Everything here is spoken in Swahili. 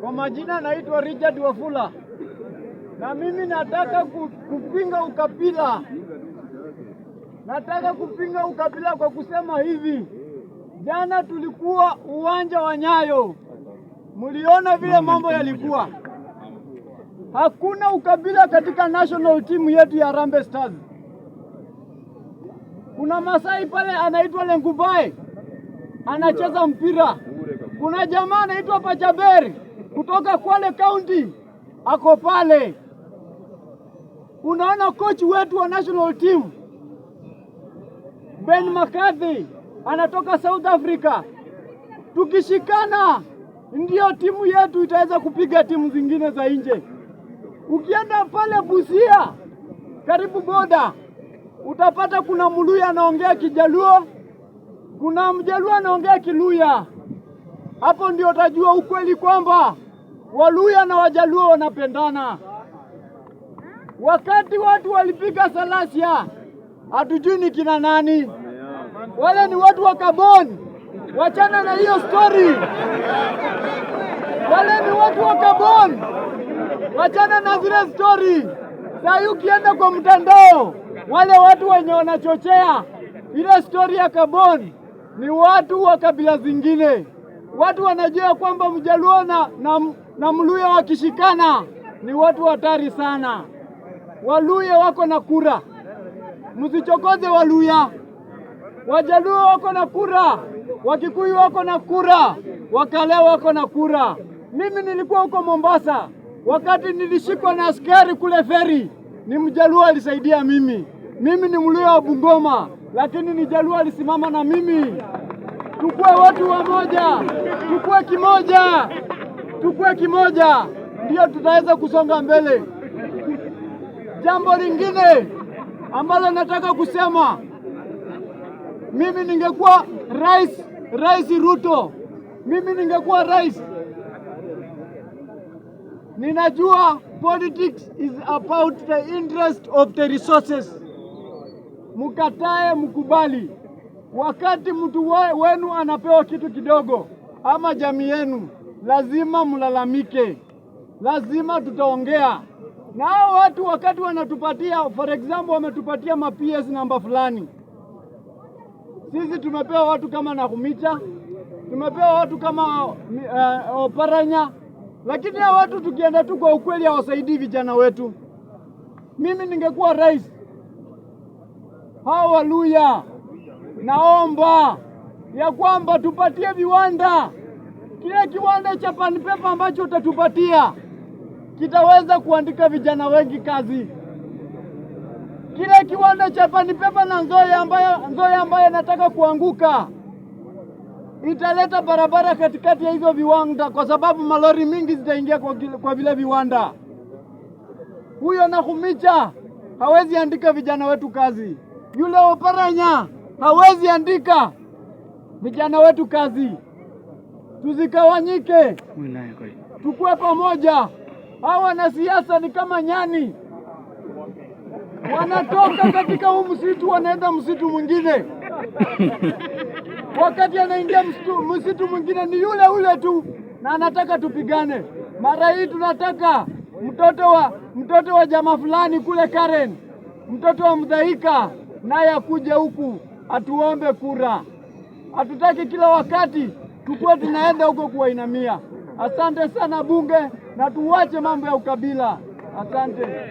Kwa majina naitwa Richard Wafula, na mimi nataka kupinga ukabila. Nataka kupinga ukabila kwa kusema hivi, jana tulikuwa uwanja wa Nyayo, muliona vile mambo yalikuwa. Hakuna ukabila katika national team yetu ya Harambee Stars. Kuna Masai pale anaitwa Lengubai anacheza mpira, kuna jamaa anaitwa Pachaberi kutoka Kwale County ako pale. Unaona kochi wetu wa national team Ben McCarthy anatoka South Africa. Tukishikana ndiyo timu yetu itaweza kupiga timu zingine za nje. Ukienda pale Busia karibu boda, utapata kuna Muluya anaongea Kijaluo, kuna Mjaluo anaongea Kiluya. Hapo ndio utajua ukweli kwamba Waluya na Wajaluo wanapendana. Wakati watu walipiga Salasia, hatujui ni kina nani wale, ni watu wa Kabon. Wachana na hiyo stori, wale ni watu wa Kabon. Wachana na zile stori. Sai ukienda kwa mtandao, wale watu wenye wanachochea ile stori ya Kabon ni watu wa kabila zingine. Watu wanajua kwamba Mjaluo na, na, na Mluya wakishikana ni watu hatari sana. Waluya wako na kura, msichokoze Waluya. Wajaluo wako na kura, Wakikuyu wako na kura, Wakale wako na kura. Mimi nilikuwa huko Mombasa wakati nilishikwa na askari kule feri, ni Mjaluo alisaidia mimi. Mimi ni Mluya wa Bungoma, lakini ni Jaluo alisimama na mimi. Tukue watu wamoja, tukue kimoja, tukue kimoja, ndiyo tutaweza kusonga mbele. Jambo lingine ambalo nataka kusema, mimi ningekuwa rais, Rais Ruto, mimi ningekuwa rais, ninajua politics is about the interest of the resources. Mukatae, mkubali. Wakati mtu wenu anapewa kitu kidogo ama jamii yenu, lazima mlalamike, lazima tutaongea na hao watu. Wakati wanatupatia, for example, wametupatia maps namba fulani, sisi tumepewa watu kama Nakhumicha, tumepewa watu kama uh, Oparanya, lakini hao watu tukienda tu kwa ukweli hawasaidii vijana wetu. Mimi ningekuwa rais, hao Waluya naomba ya kwamba tupatie viwanda. Kile kiwanda cha panipepa ambacho utatupatia kitaweza kuandika vijana wengi kazi. Kile kiwanda cha panipepa na Nzoia ambayo, Nzoia ambayo nataka kuanguka italeta barabara katikati ya hivyo viwanda, kwa sababu malori mingi zitaingia kwa, kwa vile viwanda. Huyo Nakhumicha hawezi andika vijana wetu kazi. Yule Oparanya hawezi andika. Vijana wetu kazi, tuzikawanyike, tukuwe pamoja. Hawa wanasiasa ni kama nyani, wanatoka katika huu msitu wanaenda msitu mwingine. Wakati anaingia msitu mwingine ni yule ule tu, na anataka tupigane. Mara hii tunataka mtoto wa mtoto wa jamaa fulani kule Karen, mtoto wa Mdhaika naye akuje huku atuombe kura. Hatutaki kila wakati tukuwe tunaenda huko kuwainamia. Asante sana Bunge, na tuwache mambo ya ukabila. Asante.